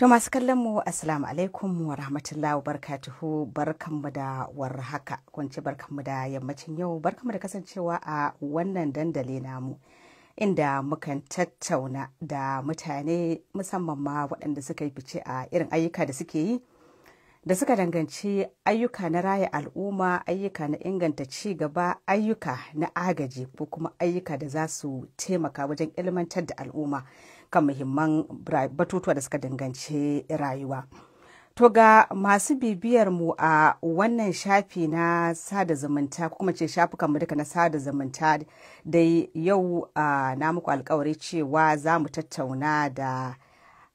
To masu kallon mu assalamu alaikum wa rahmatullahi wa barakatuhu barkanmu da warhaka kunce barkanmu da yammacin yau barkanmu da kasancewa a wannan dandali namu inda mukan tattauna da mutane musamman ma waɗanda suka yi fice a irin ayyuka da suke yi da suka danganci ayyuka na raya al'umma ayyuka na inganta ci gaba ayyuka na agaji ko kuma ayyuka da za su taimaka wajen ilmantar da al'umma. kan muhimman batutuwa da suka danganci rayuwa. To ga masu bibiyar mu a wannan shafi na sada zumunta ko kuma ce shafukanmu duka na sada zumunta da yau na muku alkawari cewa za mu tattauna da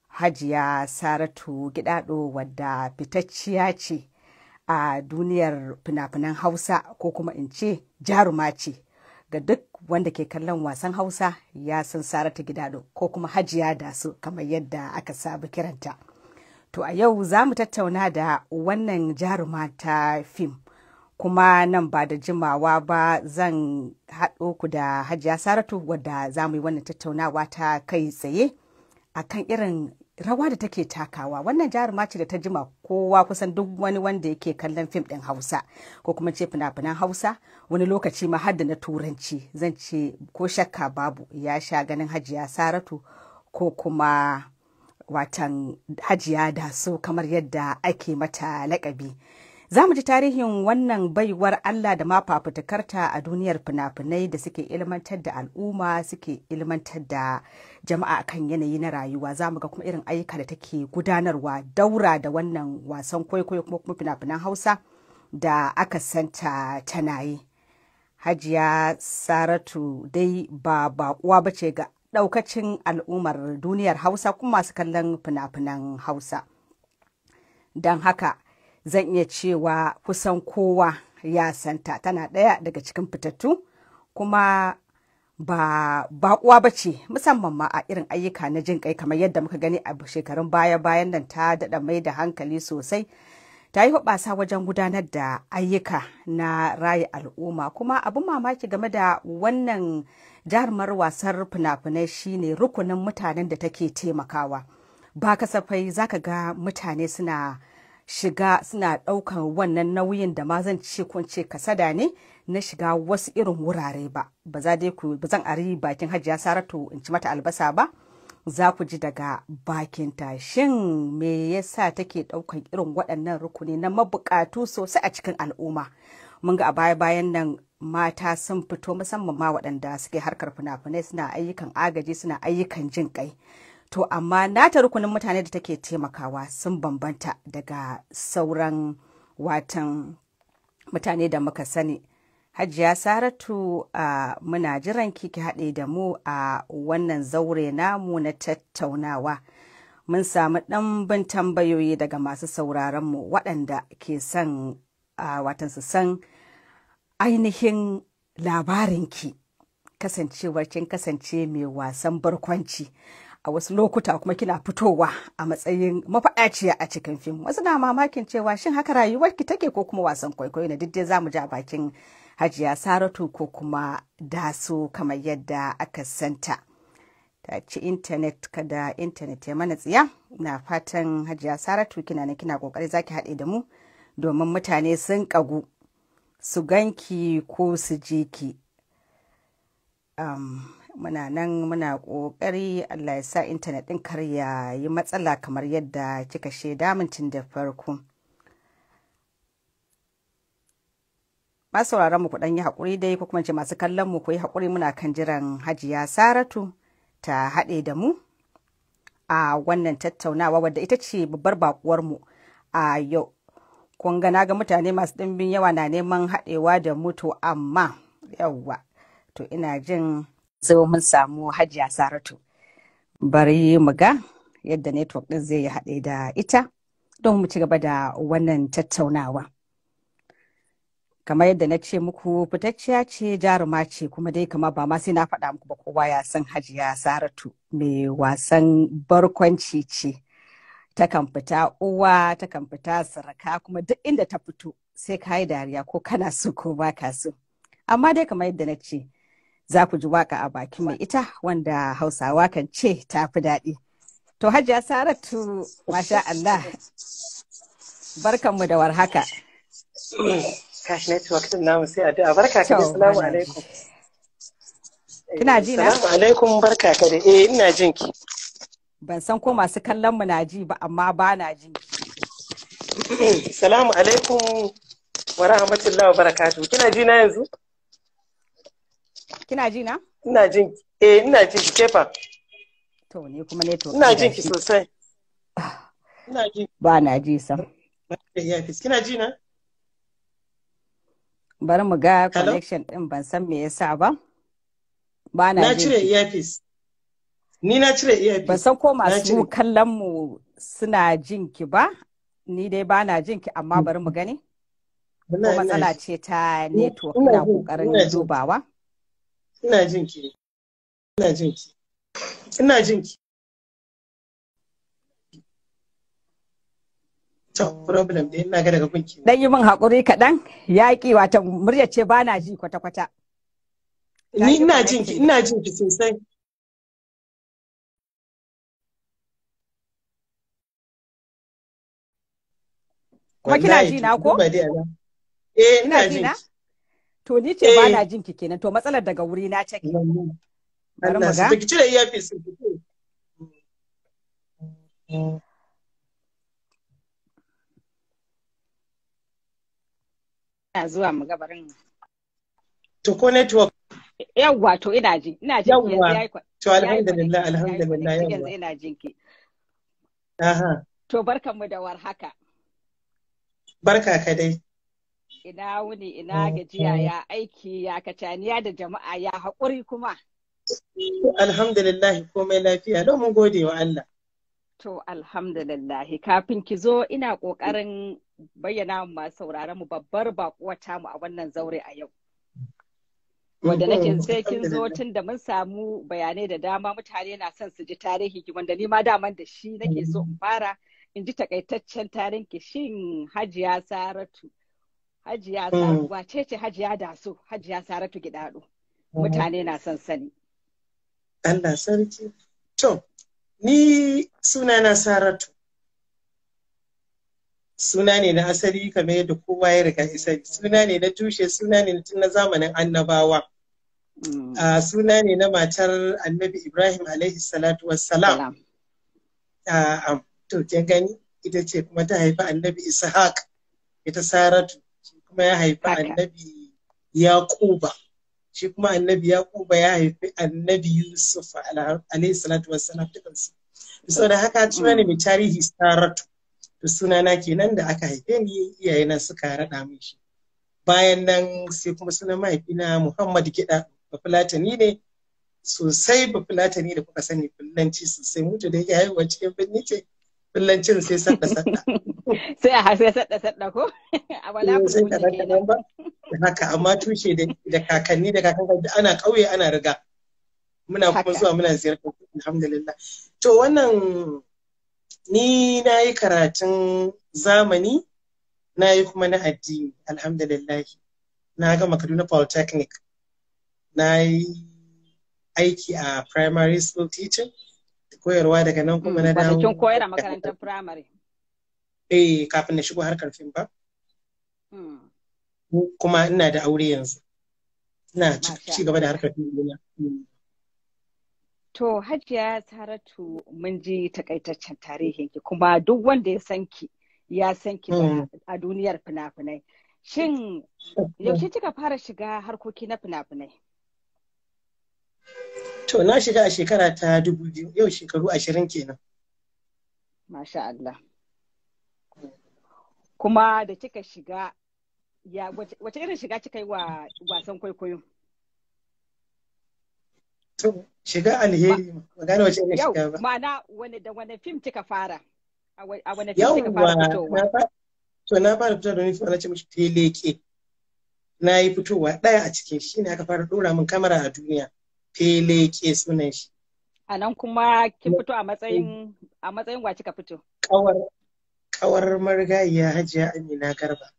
hajiya saratu gidado wadda fitacciya ce a duniyar fina-finan hausa ko kuma in ce jaruma ce ga duk wanda ke kallon wasan hausa ya san saratu gidado ko kuma hajiya da su kamar yadda aka saba kiranta to a yau za mu tattauna da wannan jaruma ta fim kuma nan ba da jimawa ba zan haɗo ku da hajiya saratu wadda za mu yi wannan tattaunawa ta kai tsaye akan irin rawa da take takawa wannan jaruma ce da ta jima kowa kusan duk wani wanda yake kallon fim din hausa ko kuma ce fina-finan hausa wani lokaci ma hadda na turanci zan ce ko shakka babu ya sha ganin hajiya saratu ko kuma watan hajiya da su kamar yadda ake mata laƙabi Za mu ji tarihin wannan baiwar Allah da ma fafutukarta a duniyar fina-finai da suke ilmantar da al'umma suke ilmantar da jama'a kan yanayi na rayuwa za mu ga kuma irin ayyuka da take gudanarwa daura da wannan wasan kwaikwayo kuma kuma fina-finan Hausa da aka santa tana yi. Hajiya Saratu dai ba bakuwa ba ce ga ɗaukacin al'ummar duniyar Hausa kuma masu kallon fina-finan Hausa. Don haka zan iya cewa kusan kowa ya santa tana ɗaya daga cikin fitattu kuma ba baƙuwa ba ce musamman ma a irin ayyuka na jin kai kamar yadda muka gani a shekarun baya bayan nan ta daɗa mai da hankali sosai ta yi hubasa wajen gudanar da ayyuka na raya al'umma kuma abin mamaki game da wannan jarumar wasar fina-finai shine rukunin mutanen da take taimakawa ba kasafai zaka ga mutane suna shiga suna ɗaukan wannan nauyin da ma zan ce kunce kasada ne na shiga wasu irin wurare ba ba za dai ku zan ari bakin hajiya saratu in ci mata albasa ba za ku ji daga bakinta shin me yasa take ɗaukan irin waɗannan rukuni na mabukatu sosai a cikin al'umma mun ga a baya-bayan nan mata sun fito musamman ma waɗanda suke harkar fina-finai suna ayyukan agaji suna ayyukan jin kai to amma nata rukunin mutane da take taimakawa sun bambanta daga sauran watan mutane da muka sani hajiya saratu a muna jiran kiki haɗe da mu a wannan zaure namu na tattaunawa mun samu ɗanbin tambayoyi daga masu sauraronmu waɗanda ke son watan su san ainihin labarinki kasancewar kin kasance mai wasan barkwanci a wasu lokuta kuma kina fitowa a matsayin mafaɗaciya a cikin fim wasu na mamakin cewa shin haka rayuwar ki take ko kuma wasan kwaikwayo na diddai zamu ja bakin hajiya saratu ko kuma daso kamar yadda aka santa ta ci intanet kada intanet ya mana tsiya na fatan hajiya saratu kina nan kina kokari zaki haɗe da mu domin mutane sun ƙagu su ganki ko su ji ki um, muna nan muna ƙoƙari Allah ya sa intanet ɗin kar ya yi matsala kamar yadda kika shaida mintin da farko. Masu sauraron mu ku yi haƙuri dai ko kuma ce masu kallon mu ku yi haƙuri muna kan jiran Hajiya Saratu ta haɗe da mu a wannan tattaunawa wadda ita ce babbar bakuwar mu a yau. Kun gana ga mutane masu ɗimbin yawa na neman haɗewa da mutu amma yawwa to ina jin sai mun samu hajiya saratu bari mu ga yadda network ɗin zai yi haɗe da ita don mu ci gaba da wannan tattaunawa kamar yadda na ce muku fitacciya ce jaruma ce kuma dai kama ba ma sai na faɗa muku ba kowa ya san hajiya saratu mai wasan barkwanci ce Ta kan fita uwa ta kan fita saraka kuma duk inda ta fito sai ka yi dariya ko kana so ko ba ka so amma dai kamar yadda na ce za ku ji waka a bakin mai ita wanda hausawa kan ce ta fi daɗi. To hajiya Saratu masha Allah barkanmu da war haka. Kashi na network din namu sai addu'a barka ka da salamu alaikum. Kina ji na? Salamu alaikum barka ka da eh ina jin ki. Ban san ko masu kallon mu na ji ba amma ba na ji. Salamu alaikum wa rahmatullahi wa barakatuh. Kina ji na yanzu? Kina ji na? Ina jin eh ina jin ki kefa. To ne kuma ne to. Ina jin ki sosai. Ina ji. Ba na ji sam. Kina ji na? Bari mu ga connection din ban san me yasa ba. Ba na ji. Na cire earpiece. Ni na cire earpiece. Ban san ko masu kallon mu suna jin ki ba. Ni dai ba na jin ki amma bari mu gani. Ko matsala ce ta network na kokarin zubawa. ina jin ki ina jin ki ina jin ki problem da ina ga daga dan yi min hakuri kaɗan yaki, wata murya ce ba na ji kwata-kwata ni ina jin ki ina jin ki sosai kuma kina ji na ko eh ina ji na. To ni ce bana eh. jin ki kenan to matsalar daga wuri na take. Bari mu ga. Ki cire earpiece. Ina zuwa mu ga To ko network Yawwa to ina ji ina ji yanzu yayi To alhamdulillah alhamdulillah yawwa. Yanzu ina jin ki. Aha. To barkanmu da warhaka. Barka ka dai. ina wuni ina gajiya ya aiki ya kacaniya da jama'a ya haƙuri kuma. Alhamdulillah komai lafiya don mun gode wa Allah. To alhamdulillah kafin ki zo ina ƙoƙarin bayyana masu sauraron mu babbar baƙuwata mu a wannan zaure a yau. Wanda nake mm, sai kin zo tun da mun samu bayanai da dama mutane na son su ji tarihi ki wanda ni ma daman da shi nake so in fara in ji takaitaccen tarin ki shin Hajiya Saratu. Hajiya mm. Saratu wace ce Hajiya so, Hajiya Saratu Gidado. Mm. Mutane na son sani. Allah sarki. To, ni sunana Saratu. Suna ne na asali kamar yadda kowa ya riga isa. Suna ne na tushe, suna ne tun na zamanin annabawa. Mm. Ah, suna ne na matar annabi Ibrahim alaihi salatu wassalam. Ah, to, gani ita ce kuma ta haifi annabi Ishaq, ita Saratu. kuma ya haifi annabi yaquba shi kuma annabi yaquba ya haifi annabi yusuf alayhi salatu wassalam so da haka cewa ne mai tarihi saratu da sunana kenan da aka haife ni iyayena suka raɗa min shi bayan nan sai kuma sunan mahaifina muhammad gida bafulatani ne sosai bafulatani da kuka sani fulanci sosai mutu da yake haihuwa cikin birni ce kullancin sai sadda sadda sai a sai sadda sadda ko a wala ku ba haka amma tushe da kakanni da kakanni da ana kauye ana riga muna kuma zuwa muna ziyartar alhamdulillah to wannan ni na yi karatun zamani na yi kuma na addini alhamdulillah na gama kaduna polytechnic na yi aiki a primary school teaching koyarwa daga nan kuma mm, na dawo. kin koyar a makarantar firamare. Eh kafin na shigo harkar fim ba. Mm. Kuma ina da aure yanzu. Ina ci gaba da harkar fim ɗina. Mm. To Hajiya Saratu mun ji takaitaccen ki, kuma duk wanda ya san ki ya san ki a duniyar fina-finai. Shin yaushe kika fara shiga harkoki na fina-finai? To na shiga a shekara ta dubu biyu yau shekaru ashirin kenan. Masha Allah. Kuma da kika shiga ya wace irin shiga kika yi wa wasan kwaikwayo? To shiga alheri magana wace irin shiga ba. Ma'ana wani da wani fim kika fara? A wani fim kika fara fitowa? To na fara fitowa domin fara na ce mishi teleke. Na yi fitowa ɗaya a cikin shi ne aka fara ɗora min kamera a duniya. ke sunan shi. A nan kuma ki fito a matsayin a matsayin gwaci ka fito? Kawar kawar marigayiya Hajiya Amina Garba.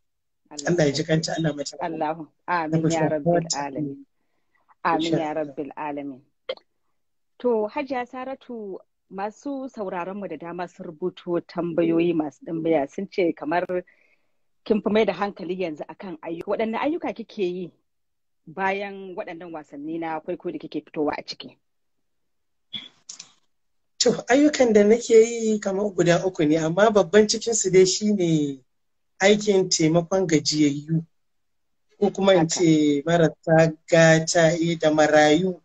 Allah ya ji kanta Allah mace. Allahu amin ya rabbil alamin. Amin ya rabbil alamin. To Hajiya Saratu masu sauraron mu da dama sun rubuto tambayoyi masu dambaya sun ce kamar kin fi mai da hankali yanzu akan ayyuka waɗanne ayyuka kike yi bayan waɗannan wasanni na kwaikwayo da kike fitowa a ciki? To, ayyukan da nake yi kamar guda uku ne, amma babban cikin su dai shi ne aikin taimakon gajiyayyu, ko kuma in ce marasa gata da marayu.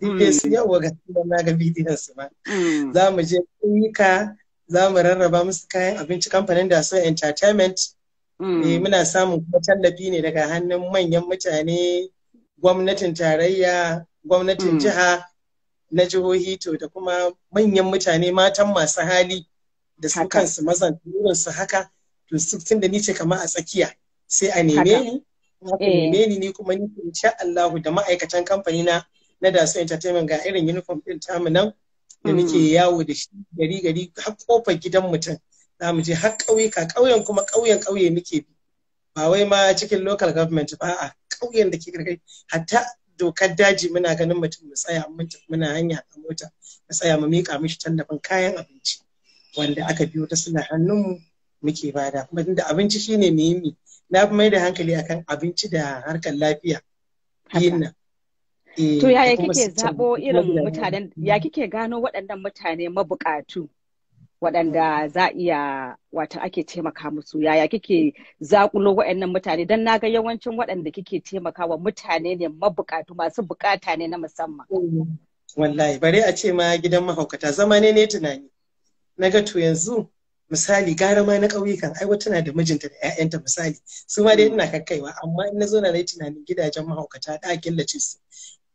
Dike su mm. yawa ga na ga bidiyonsu ba. Mm. Za mu je ƙauyuka, za mu rarraba musu kayan abinci kamfanin da so entertainment Eh, mm. muna samun kuma tallafi ne daga hannun manyan mutane gwamnatin tarayya gwamnatin mm. jiha na jihohi to da kuma manyan mutane matan masu hali da su kansu mazan su haka to tun da ni kama a tsakiya sai a neme ni eh. neme ni ni kuma nufin sha Allahu! da ma'aikatan kamfani na na dasu Entertainment ga irin uniform ɗin tamu nan da mm. nake yawo da shi gari gari har kofar gidan mutum za mu je har ƙauyuka ƙauyen kuma ƙauyen ƙauye muke bi ba wai ma cikin local government ba a ƙauyen da ke karkari hatta dokar daji muna ganin mutum mu tsaya muna hanya a mota mu tsaya mu miƙa mishi tallafin kayan abinci wanda aka biyo ta suna hannunmu muke bada kuma tunda abinci shine muhimmi na fi mai da hankali akan abinci da harkar lafiya yin eh, To yaya kike zabo irin mutanen ya kike gano waɗannan mutane mabuƙatu? waɗanda za iya wata ake taimaka musu yaya kike zakulo waɗannan mutane don na ga yawancin waɗanda kike taimakawa mutane ne mabukatu masu bukata ne na musamman. Wallahi bare a ce ma gidan mahaukata zama ne ne tunani. Na ga to yanzu misali gara ma na ƙauyukan ai wata na da mijinta da 'ya'yanta misali su ma dai ina kakkaiwa amma in zo na tunanin gidajen mahaukata da killace su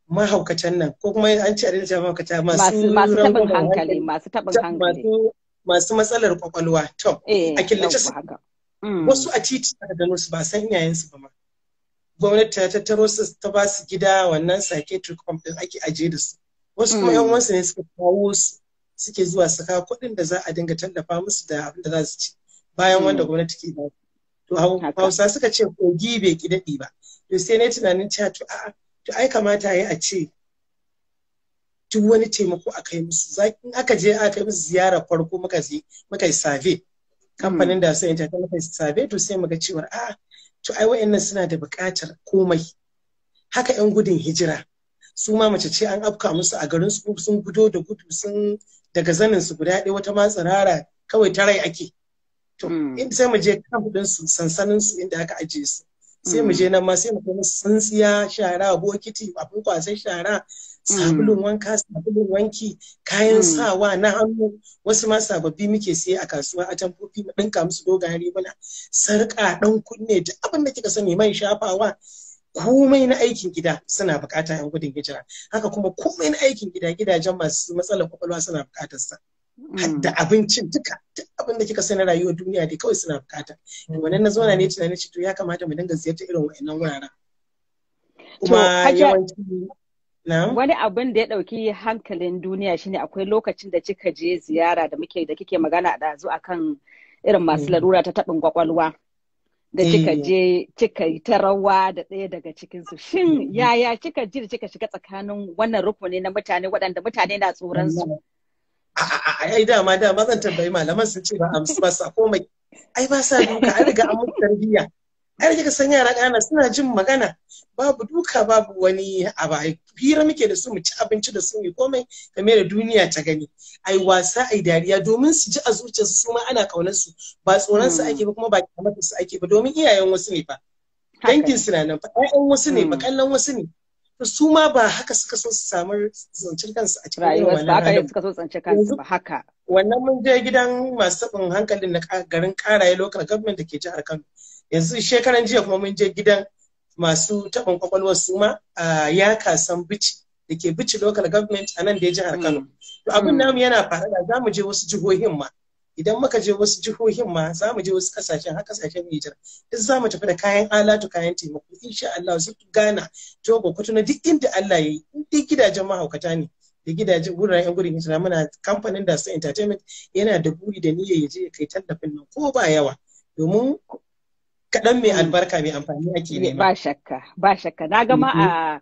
mahaukatan nan ko kuma an ce a daina mahaukata masu masu hankali masu taɓin hankali masu matsalar kwakwalwa to eh, a killace su mm. wasu a titi da gano su ba san su ba ma gwamnati ta tattaro su ta ba su gida wannan psychiatric complex ake aje da su wasu kuma yan mm. wasu ne suka kawo su suke zuwa su kawo kuɗin da za a dinga tallafa musu da abin da za su ci bayan mm. wanda gwamnati ke ba to hausa suka ce kogi bai ki daɗi ba to sai ne tunanin cewa to a'a to ai kamata a ce duk wani taimako a kai musu in aka je aka yi musu ziyara farko muka yi muka yi survey kamfanin da sai ta muka yi survey to sai muga cewa a to ai wayannan suna da buƙatar komai haka yan gudun hijira su ma mace ce an afka musu a garin su sun gudo da gudu sun daga zanin su guda ɗaya wata ma kawai ta rai ake to hmm. in sai mu je kamfanin su sansanin su inda aka ajiye su sai mu hmm. je nan ma sai mu kai musu tsintsiya shara bokiti abin kwasan shara sabulun mm. wanka sabulun wanki kayan mm. sawa na hannu wasu ma sababbi muke siye a kasuwa a tamfofi mu dinka musu dogare mana Sarka ɗan kunne duk abin da kika sani mai shafawa komai na aikin gida suna bukata yan gudun hijira haka kuma komai na aikin gida gidajen masu matsalar kwakwalwa suna bukatar sa hadda mm. abincin duka duk abin da kika sani rayuwar duniya dai kawai suna bukata wannan na zauna ne tunanin to ya kamata mu dinga ziyartar irin wa'annan wuraren kuma yawanci Wani abin da ya ɗauki hankalin duniya shine akwai lokacin da kika je ziyara da muke da kike magana a ɗazu a kan irin masu mm. larura ta taɓin kwakwalwa. Da kika eh. je kika yi ta rawa da ɗaya daga cikinsu. Shin mm. yaya kika ji da kika shiga tsakanin wannan rukuni na mutane waɗanda mutane na tsoron su? Ai dama dama zan tambayi malaman sun ce ba a ba sa komai. Ai ba sa duka an riga an mutu tarbiyya. ai kika san yara ƙanana suna jin magana babu duka babu wani abu ai hira muke da su mu ci abinci da su mu komai kame da duniya ta gani ai wasa ai dariya domin su ji a zuciyarsu su ma ana kaunar su ba tsoron su hmm. ake ba kuma ba kamar su ake ba domin iyayen wasu ne fa dangin su na nan fa ƴaƴan wasu ne fa kallon hmm. wasu ne su ma ba haka suka so su samu zancen kansu a cikin rayuwar ba haka suka so zance kansu ba haka wannan mun je gidan masu taɓin hankalin na garin karaye local government da ke jihar Kano yanzu shekaran jiya kuma mun je gidan masu taɓin kwakwalwar ma a ya kasan bici da ke bici local government a nan da ya jihar Kano. Mm. To abin mm. namu yana da za mu je wasu jihohin ma. Idan muka je wasu jihohin ma za mu je wasu kasashen har kasashen Nijar. Duk za mu tafi da kayan alatu kayan taimako insha Allah su Ghana, Togo, Kutuna duk inda Allah ya yi. Duk gidajen mahaukata ne. Da gidajen wuraren yan gudun hijira muna kamfanin da su entertainment yana da buri da niyyar ya je ya kai tallafin nan ko ba yawa. Domin kaɗan mai mm. albarka mai amfani ake ne Ba shakka, ba shakka. Na gama mm-hmm. a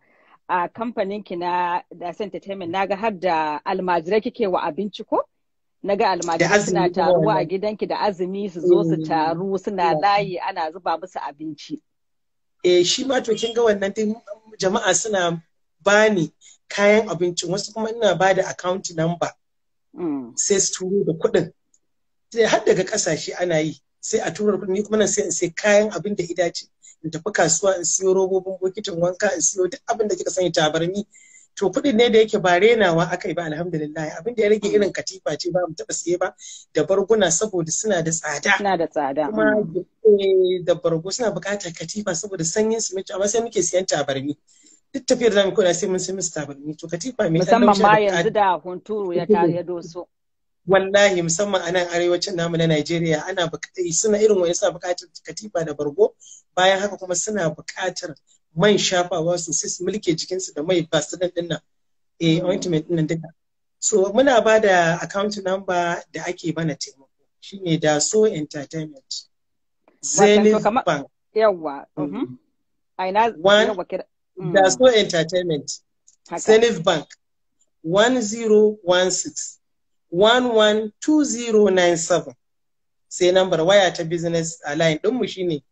a kamfanin ki na da entertainment na ga har da almajirai kike wa abinci ko? Na ga almajirai suna taruwa a gidanki da azumi su zo su mm. taru suna layi ana zuba musu abinci. Eh shi ma to kin ga wannan jama'a suna bani kayan abincin wasu kuma ina ba da account number. Mm. Sai su turo da kuɗin. Har daga ƙasashe ana yi. sai a tura kuɗi ni kuma nan sai in sai kayan abin da idace in tafi kasuwa in siyo robobin bokitin wanka in siyo duk abin da kika sani tabarmi to kuɗin ne da yake ba renawa aka yi ba alhamdulillah abin da ya rage irin katifa ce ba mu taɓa siye ba da barguna saboda suna da tsada suna da tsada kuma mm. eh, da bargo suna buƙatar katifa saboda sanyin su amma sai muke siyan tabarmi duk tafiyar da zamu kuna sai mun sai musu tabarmi to katifa mai musamman ma yanzu da hunturu ya doso wallahi musamman a nan arewacin namu na Najeriya ana suna irin wani suna buƙatar katifa da bargo bayan haka kuma suna buƙatar man shafawa su su mulke jikinsu da mai vaseline din nan eh ointment din nan duka so muna ba da account number da ake bana taimako shine da so entertainment zenith bank yawa aina da so entertainment zenith bank 1016 112097 sai nambar waya ta business a line ɗinmu shine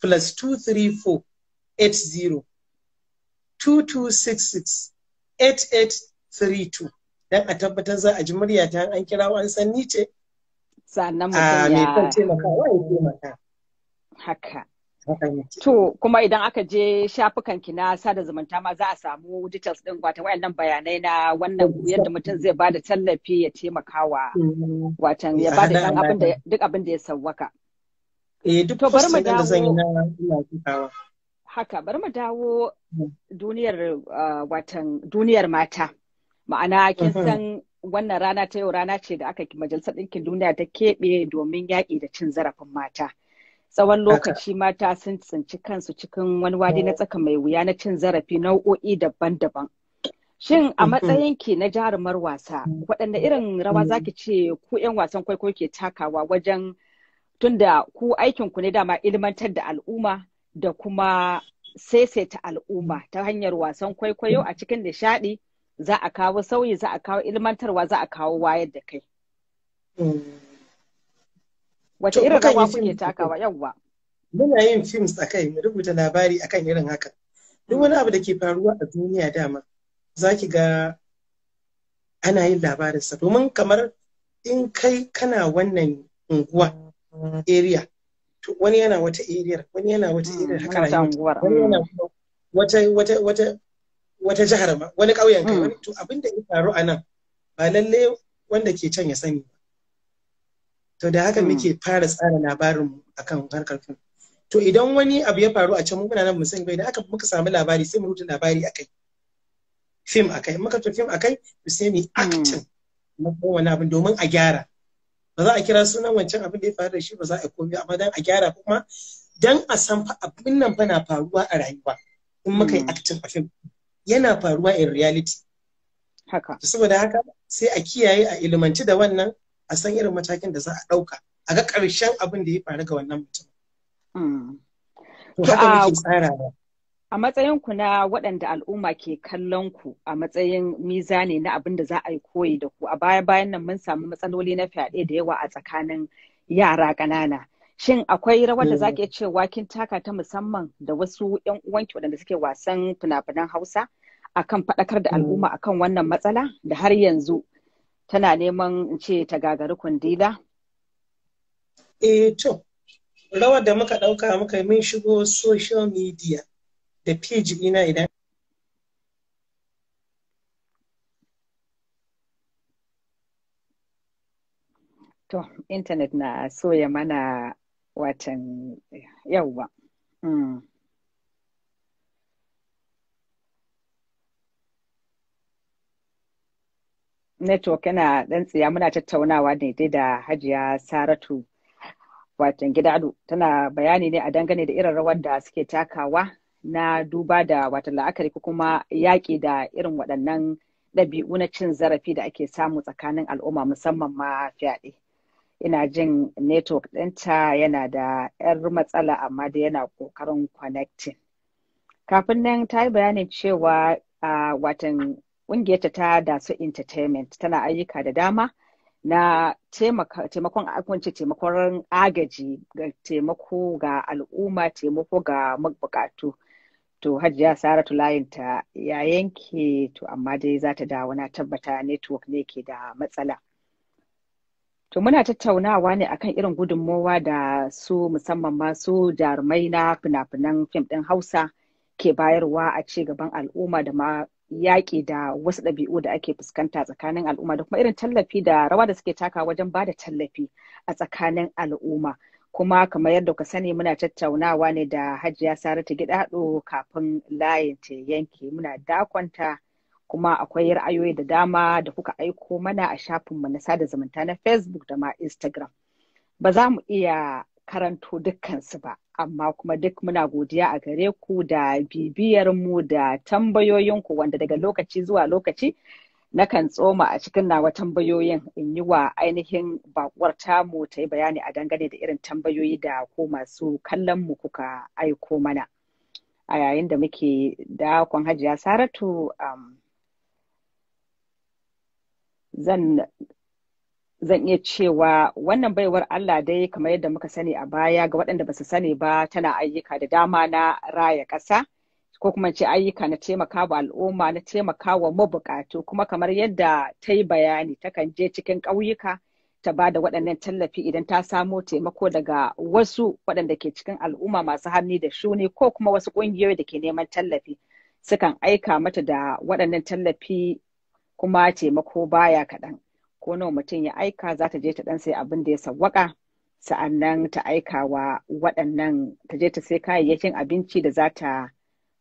plus 23480 80 don a tabbatar za a ji murya ta an kira an san ni ce sannan ah, mutum ya haka To kuma idan aka je shafukan ki na sada zumunta ma za a samu details din wata wayannan bayanai na wannan yadda mutum zai ba da tallafi ya taimakawa watan ya ba da dan abin da duk abin da ya sawwaka. Eh duk bari mu dawo ina Haka bari mu dawo hmm. duniyar ah, watan duniyar mata. Ma'ana kin hmm. san wannan rana ta yau rana ce da aka majalisar ɗinkin duniya ta keɓe domin yaƙi da cin zarafin mata. tsawon lokaci mata sun tsinci kansu cikin wani wadi na oh. tsaka mai wuya na cin zarafi nau'o'i daban-daban. Shin a matsayin ki na jarumar wasa, mm. waɗanne irin rawa mm. zaki ce ku 'yan wasan kwaikwayo ke takawa wajen tunda ku aikin ku ne dama ilmantar da al'umma da kuma saisaita al'umma ta hanyar wasan kwaikwayo a cikin nishaɗi za a kawo sauyi za a kawo ilmantarwa za a kawo wayar da kai. Mm. Wace irin rawa kuke takawa yawwa? Muna yin films a kai, mu rubuta labari akan irin haka. Duk mm. wani abu da ke faruwa a duniya dama, za ki ga ana yin labarinsa. Domin kamar in kai kana wannan unguwa area, wani yana wata area, wani yana wata area mm, haka rayuwa. Wani yana mm. wata wata wata wata jihar ma, wani ƙauyen kai. Wani To abin da ya faru a nan, ba lallai wanda ke can ya sani ba. to da haka muke hmm. fara tsara labarinmu akan harkar fim to idan wani abu ya faru a can mu muna nan mu sani bai da aka muka samu labari sai mu rubuta labari akai fim akai muka to fim akai to sai mu hmm. acting ko wani abin domin a gyara ba za a kira sunan wancan abin da ya faru da shi ba za a komi amma dan a gyara kuma dan a san fa abin nan fa na faruwa a rayuwa in muka yi hmm. acting a fim yana faruwa in reality haka saboda haka sai a kiyaye a ilmanci da wannan a san irin matakin da za a ɗauka a ga ƙarshen abin da ya faru ga wannan mutum. Hmm. A matsayin ku na waɗanda al'umma ke kallon ku a matsayin mizani na abin da za a yi koyi da ku a baya bayan nan mun samu matsaloli na fyaɗe da yawa a tsakanin yara ƙanana. Shin akwai rawar da zaki ce hmm. cewa kin taka ta musamman da wasu 'yan uwanki waɗanda suke wasan fina-finan Hausa akan faɗakar da al'umma hmm. akan wannan matsala da har yanzu tana neman in ce ta gagari kundila? E to, rawar da muka ɗauka muka yi min shigo social media da page ina idan To, internet na soya mana watan yauwa. Mm. network yana ɗan tsiya muna tattaunawa ne dai da hajiya saratu watan gidado tana bayani ne a dangane da irin rawar da suke takawa na duba da watan la'akari ko kuma yaƙi da irin waɗannan ɗabi'u na cin zarafi da ake samu tsakanin al'umma musamman ma fyaɗe. Ina jin network ɗinta yana da 'yar matsala amma da yana ƙoƙarin connecting. Kafin nan ta yi bayanin cewa watan ƙungiyarta ta dasu entertainment tana ayyuka da dama na taimakon kunce taimakon agaji ga taimako ga al'umma taimako ga mabukatu to hajiya saratu layinta ya yanke to amma dai za ta dawo na tabbata network ne ke da matsala to muna tattaunawa ne akan irin gudunmowa da su musamman masu jarumai na fina-finan fim ɗin hausa ke bayarwa a ci gaban al'umma da ma yaƙi da wasu ɗabi'u da ake fuskanta tsakanin al'umma da kuma irin tallafi da rawa da suke taka wajen ba da tallafi a tsakanin al'umma kuma kamar yadda ka sani muna tattaunawa ne da hajiya saratu gidaɗo kafin layin ta yanke muna dakonta kuma akwai ra'ayoyi da dama da kuka aiko mana a shafinmu na sada zumunta na facebook da ma instagram ba za mu iya karanto dukkansu ba amma kuma duk muna godiya a gare ku da bibiyar mu da tambayoyinku wanda daga lokaci zuwa lokaci nakan tsoma a cikin nawa tambayoyin in yi wa ainihin bakuwar tamu ta yi bayani a dangane da irin tambayoyi da ko masu kallon mu kuka aiko mana a yayin da muke dakon hajiya saratu um, zan zan iya cewa wannan baiwar Allah dai kamar yadda muka sani a baya ga waɗanda ba su sani ba tana ayyuka da dama na raya ƙasa ko kuma ce ayyuka na taimaka wa al'umma na taimaka wa mabukatu kuma kamar yadda ta yi bayani takan je cikin ƙauyuka ta ba da waɗannan tallafi idan ta samo taimako daga wasu waɗanda ke cikin al'umma masu hannu da shuni ko kuma wasu ƙungiyoyi da ke neman tallafi sukan aika mata da waɗannan tallafi kuma taimako baya kaɗan. ko nawa mutum ya aika za ta je ta dan sai abin da ya sawwaka sa'annan ta aika wa waɗannan ta je ta sai kayayyakin abinci da za ta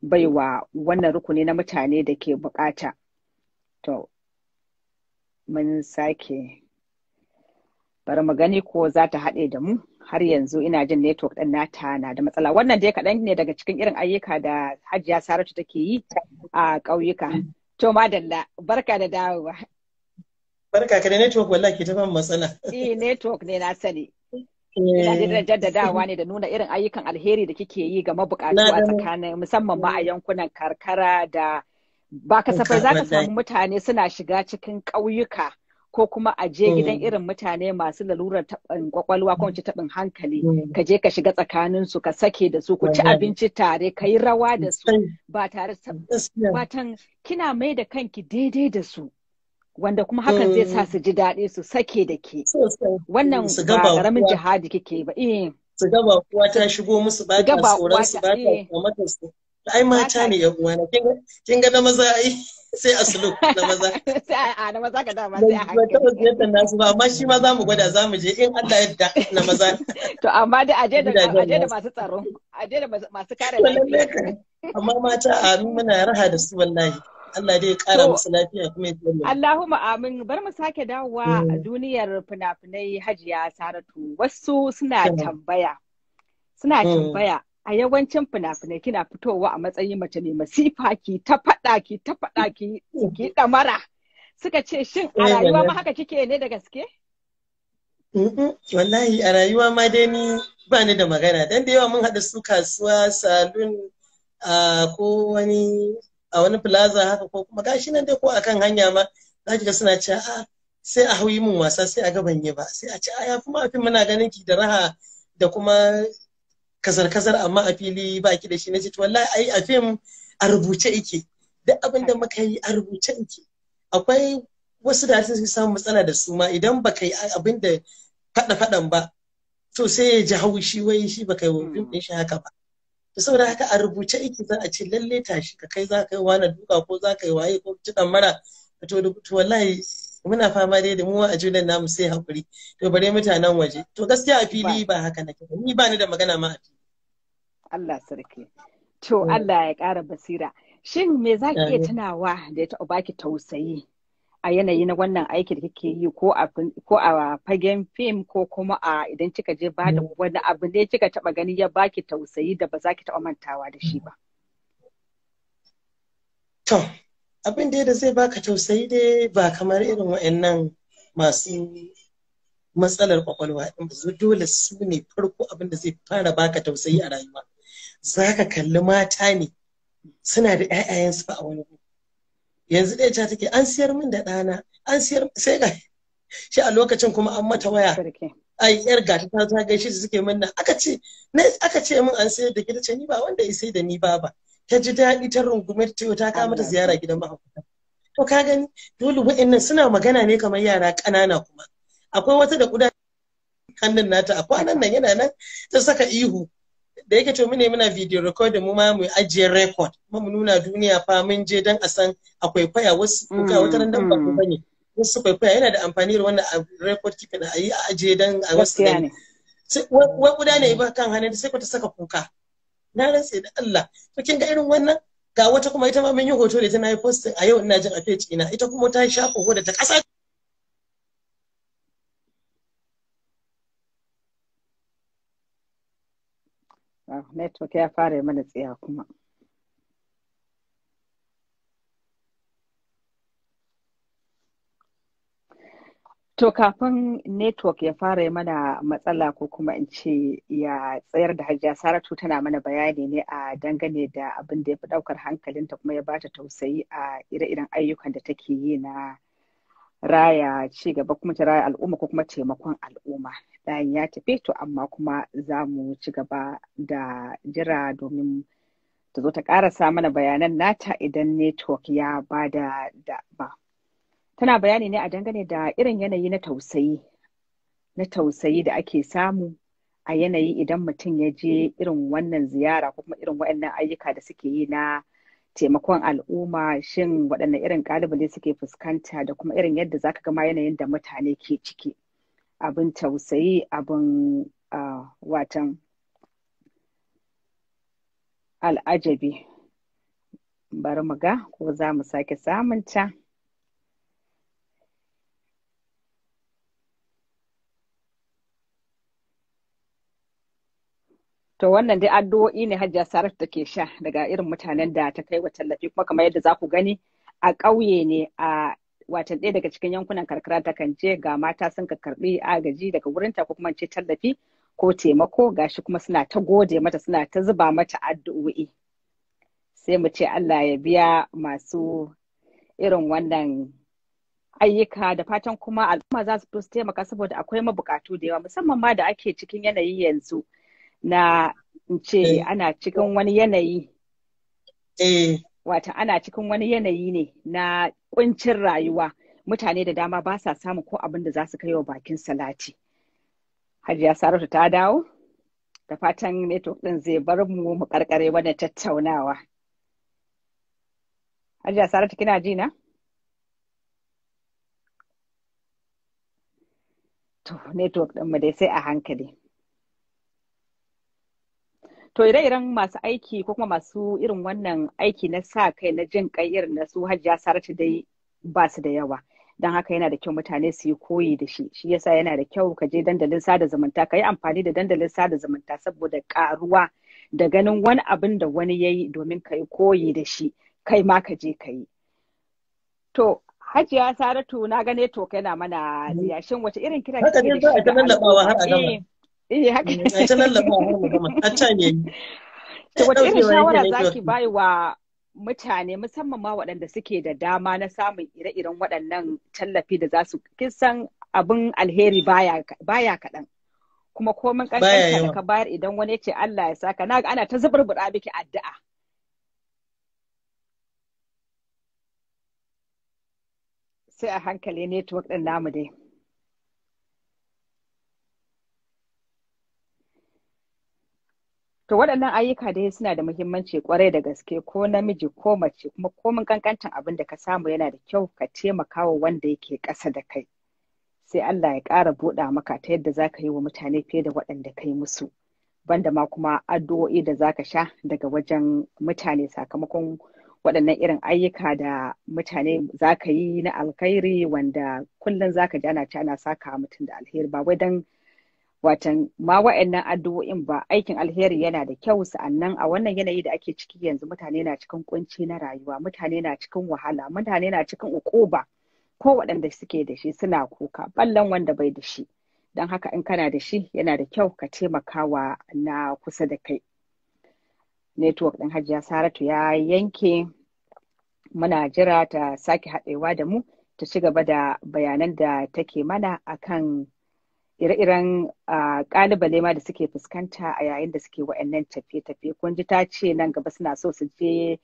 baiwa wannan rukuni na mutane da ke bukata to mun sake bari mu gani ko za ta haɗe da mu har yanzu ina jin network ɗin nata na da matsala wannan dai kaɗan ne daga cikin irin ayyuka da hajiya saratu take yi a ƙauyuka to madalla barka da dawowa barka ka da network wallahi ke ta ban matsala eh network ne na sani eh. ina da jaddadawa ne da nuna irin ayyukan alheri da kike yi ga mabukatu a tsakanin musamman ma a yankunan karkara da ba ka kasafai za ka samu mutane suna shiga cikin ƙauyuka ko kuma a je gidan eh. irin mutane masu lalurar taɓin kwakwalwa ko ci taɓin hankali eh. ka je ka shiga tsakanin su ka sake da su ku ci abinci tare ka yi rawa da su ba tare batan kina mai da kanki daidai da su wanda kuma hakan zai sa hmm. su ji daɗi su sake da ke. Wannan ba ƙaramin jihadi kike ba. Eh. Su gaba kuwa ta shigo musu ba ta tsoron su ba ta eh. kamata su. Ai mata ne yan uwana. Kin ga na maza ai sai a sulu na maza. Sai a na maza ka d'a maza a hankali. Ban taɓa ziyartar nasu ba amma shi ma za mu gwada za mu je in Allah yadda na maza. To amma da aje da masu tsaro. Aje da masu kare lafiya. Amma mata a muna raha da su wallahi. Allah dai ya kara musu lafiya kuma ya tsaye. Allahumma amin bar mu sake dawowa a mm. duniyar fina-finai Hajiya Saratu wasu suna tambaya suna mm. tambaya a yawancin fina-finai kina fitowa a matsayin mace ne, masifa ki ta faɗa ki ta faɗa ki ki ɗamara suka ce shin a eh, rayuwa ma haka kike ne da gaske? Wallahi a rayuwa ma dai ni ba ni da magana dan da yawa mun haɗa su kasuwa salun ah, ko wani a wani plaza haka ko kuma gashi nan dai ko akan hanya ma za ki ga suna cewa a sai a hauyi mun wasa sai a gaban yi ba sai a ce a ya fi mafi muna ganin ki da raha da kuma kasar-kasar amma a fili ba ki da shi na ce to wallahi ai a fim a rubuce ike duk abin da muka yi a rubuce ike akwai wasu da sun samu matsala da su ma idan ba kai abin da fada fadan ba to sai ya ji haushi wai shi ba kai wa ɗin shi haka ba saboda haka a rubuce iki za a ce lalle tashi ka kai za ka yi wani duka ko za ka yi waye ko dan mara to da wallahi muna fama dai da mu a junan namu sai hakuri to bare mutanen waje to gaskiya a fili ba haka nake ni ba ni da magana ma a fili Allah sarki to mm. Allah ya ƙara basira shin me zaki iya tunawa da ya taɓa baki tausayi a yanayi na wannan aiki da kake yi ko a fagen fim ko kuma a idan kika je ba da mm. wani abu ne kika taba gani ya baki tausayi da ba za ki taba mantawa da shi ba. To, abin da zai baka tausayi dai ba kamar irin nan masu matsalar kwakwalwa in dole su ne farko abin da zai fara baka tausayi a rayuwa. Za ka kalli mata ne suna da 'ya'yansu ba a wani yanzu dai ta take an siyar min da ɗana an siyar sai ga shi a lokacin kuma an mata waya ai yar gata ta ta gaishe shi suke minna aka ce ne aka ce min an sayar da gida ce ni ba wanda ya sai da ni ba ba ta ji daɗi ta rungume ta ta kawo mata ziyara gidan mahaukata to ka gani dole wa'annan suna magana ne kamar yara ƙanana kuma akwai wata da kuda hannun nata a kwanan nan yana nan ta saka ihu da yake to mune muna video recording mu ma mu ajiye record kuma mu nuna duniya fa mun je dan a san akwai faya wasu kuka wata nan dan ba ku mm. bane wasu kwaikwaya yana da amfani da wannan record kika a yi a ajiye dan a wasu ne wai guda ne ba kan hannun sai ku ta saka kuka na rantse da Allah to kin ga irin wannan ga wata kuma ita ma mun yi hoto da ita na yi posting a yau ina jin a page ina ita kuma ta shafa hoda ta kasa Ah, network ya fara mana tsaya kuma To kafin network ya fara mana matsala ko kuma in ce ya tsayar da hajiya Saratu tana mana bayani ne a dangane da abin da ya fi ɗaukar hankalinta kuma ya bata tausayi a ire-iren ayyukan da take yi na raya ci gaba kuma ta raya al'umma ko kuma taimakon al'umma ɗayan ya tafi to amma kuma za mu ci gaba da jira domin ta zo ta karasa mana bayanan nata idan network ya ba da ba. tana bayani ne a dangane da irin yanayi na tausayi na tausayi da ake samu a yanayi idan mutum ya je irin wannan ziyara ko kuma irin waɗannan ayyuka da suke yi na taimakon al'umma shin waɗanne irin ƙalubale suke fuskanta da kuma irin yadda zaka gama yanayin da mutane ke ciki abin tausayi abin watan al'ajabi bari mu ga ko za mu sake samunta. To wannan dai addu'o'i ne Hajiya Saratu take sha daga irin mutanen da ta kai wa tallafi kuma kamar yadda za ku gani a ƙauye ne a wata ɗaya daga cikin yankunan karkara ta kan je ga mata sun ka karɓi agaji daga wurinta ko kuma ce tallafi ko taimako gashi kuma suna ta gode mata suna ta zuba mata addu'o'i. Sai mu ce Allah ya biya masu irin wannan ayyuka da fatan kuma al'umma za su taimaka saboda akwai mabukatu da yawa musamman ma da ake cikin yanayi yanzu. na ce eh. ana cikin wani yanayi eh. wata ana cikin wani yanayi ne na kuncin rayuwa mutane da dama ba sa samun ko abin da za su kai wa bakin salati hajiya saratu ta dawo da fatan network din zai bar mu mu karkare wani tattaunawa hajiya saratu kina ji na to network din mu dai sai a hankali To ire irin masu aiki ko kuma masu irin wannan aiki na sa kai na jin kai irin na su Hajiya, saratu dai ba su da yawa. Don haka yana da kyau mutane su yi koyi da shi. Shi yasa yana da kyau ka je dandalin sada zumunta ka yi amfani da dandalin sada zumunta saboda karuwa da ganin wani abin da wani ya yi domin ka yi koyi da shi kai ma ka je ka yi. To Hajiya Saratu na gane to kai na mana mm-hmm. Shin wace irin kira ke da shi? Eh, shawara zaki wa mutane musamman ma waɗanda suke da dama na samun ire-iren waɗannan tallafi da za su kisan abin alheri baya kaɗan kuma komin ƙanƙanta da ka bayar idan wani ce Allah ya saka na ana ta zuburbura miki addu'a sai a hankali network ɗin namu dai To waɗannan ayyuka dai suna da muhimmanci kwarai da gaske ko namiji ko mace kuma komin kankantan abin da ka samu yana da kyau ka taimaka wa wanda yake ƙasa da kai. Sai Allah ya ƙara buɗa maka ta yadda za ka yi wa mutane fiye da waɗanda ka yi musu. Banda ma kuma addu'o'i da za ka sha daga wajen mutane sakamakon waɗannan irin ayyuka da mutane za ka yi na alkhairi wanda kullum za ka ji ana ci ana saka mutum da alheri ba wai don watan ma wa'annan addu'o'in ba aikin alheri yana da kyau sa'annan a wannan yanayi da ake ciki yanzu mutane na cikin kunci na rayuwa mutane na cikin wahala mutane na cikin ukuba ko waɗanda suke da shi suna kuka ballan wanda bai da shi don haka in kana da shi yana da kyau ka taimakawa na kusa da kai network ɗin hajiya saratu ya yanke muna jira ta sake haɗewa da mu ta ci gaba da bayanan da take mana akan ire-iren kalibale ma da suke fuskanta a yayin da suke wa'annan tafiye-tafiye kun ji ta ce nan gaba suna so su je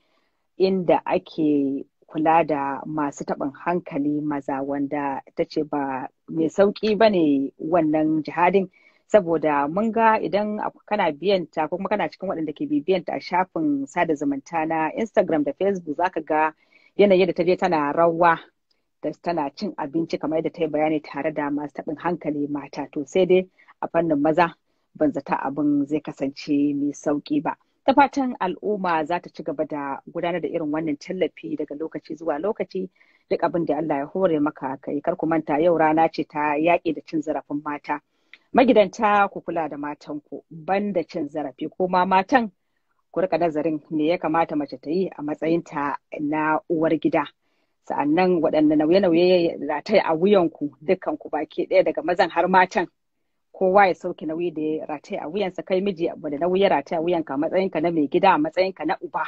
inda ake kula da masu taɓin hankali maza wanda ta ce ba mai sauƙi ba ne wannan jihadin saboda mun ga idan kana biyan ta ko kuma kana cikin waɗanda ke bibiyan ta a shafin sada zumunta na instagram da facebook zaka ga Yanayin da ta je tana rawa tana cin abinci kamar yadda ta yi bayani tare da masu taɓin hankali mata to sai dai a fannin maza ban zata abin zai kasance mai sauƙi ba ta fatan al'umma za ta ci gaba da gudanar da irin wannan tallafi daga lokaci zuwa lokaci duk abin da Allah ya hore maka kai kar ku manta yau rana ce ta yaƙi da cin zarafin mata magidanta ku kula da matanku banda cin zarafi ko ma matan ku rika nazarin me ya kamata mace ta yi a matsayinta na uwar gida sa'annan waɗanda nauye-nauye rataye a wuyanku dukkan ku baki ɗaya daga mazan har matan kowa ya sauke nauyi da ya a wuyansa kai miji wanda nauyi ya rataya a wuyanka a matsayinka na mai gida a matsayinka na uba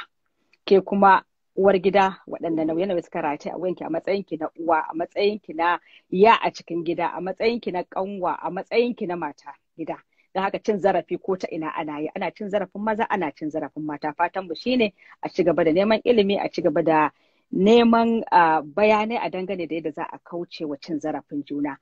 ke kuma uwar gida waɗanda nauye-nauye suka rataye a wuyanki a matsayinki na uwa a matsayinki na ya a cikin gida a matsayinki na kanwa a matsayinki na mata gida don haka cin zarafi ko ta ina ana yi ana cin zarafin maza ana cin zarafin mata fatan mu shine a ci gaba da neman ilimi a ci gaba da neman bayanai a dangane da yadda za a kauce wa cin zarafin juna.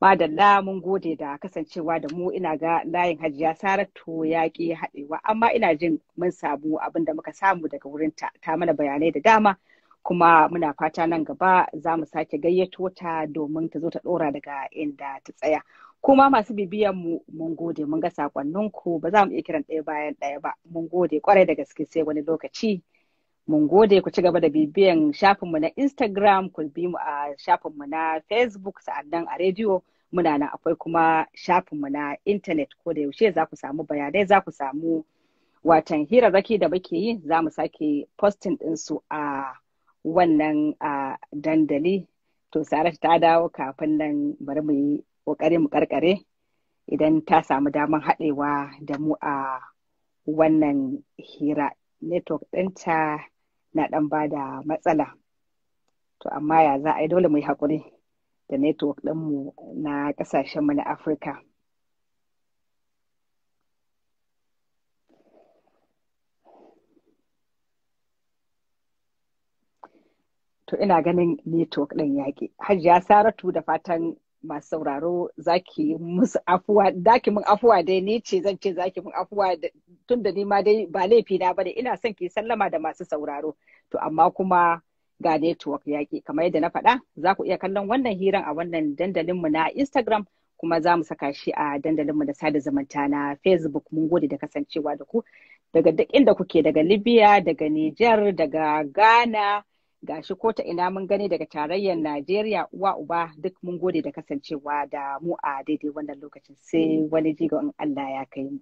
Madalla mun gode da kasancewa da mu ina ga layin hajiya Saratu ya ƙi haɗewa amma ina jin mun samu abin da muka samu daga wurin ta mana bayanai da dama kuma muna fata nan gaba za mu sake gayyato ta domin ta zo ta ɗora daga inda ta tsaya. kuma masu bibiyan mu mun gode mun ga sakonninku ba za mu iya kiran ɗaya bayan ɗaya ba mun gode kwarai da gaske sai wani lokaci Mun gode ku ci gaba da bibiyan shafinmu na Instagram, ku bi mu a shafinmu na Facebook, sa'annan a rediyo muna nan akwai kuma shafinmu na intanet ko da yaushe za ku samu bayanai za ku samu watan hira zaki da muke yi za mu sake postin ɗinsu a wannan dandali. To, Saratu ta dawo kafin nan bari mu yi ƙoƙari mu ƙarƙare idan ta samu damar haɗewa da mu a wannan hira. network ɗinta na ɗan ba da matsala to amma ya za a yi dole mu yi haƙuri da network ɗinmu na ƙasashenmu na afirka to ina ganin network ɗin yaƙi hajiya saratu da fatan masu sauraro za ki musu afuwa za ki mun afuwa dai ni ce zan ce za mun afuwa tun da ni ma dai ba laifi na bane ina son ki sallama da masu sauraro to amma kuma ga network yaƙi kamar yadda na faɗa za ku iya kallon wannan hiran a wannan dandalin mu na Instagram kuma za mu saka shi a dandalin mu da sada zumunta na Facebook mun gode da kasancewa da ku daga duk inda kuke daga Libya daga Niger daga Ghana Ga shi ko ta ina mun gani daga tarayyar Najeriya uwa uba duk mun gode da kasancewa da mu a daidai wannan lokacin sai mm. wani jigon Allah ya kai mu.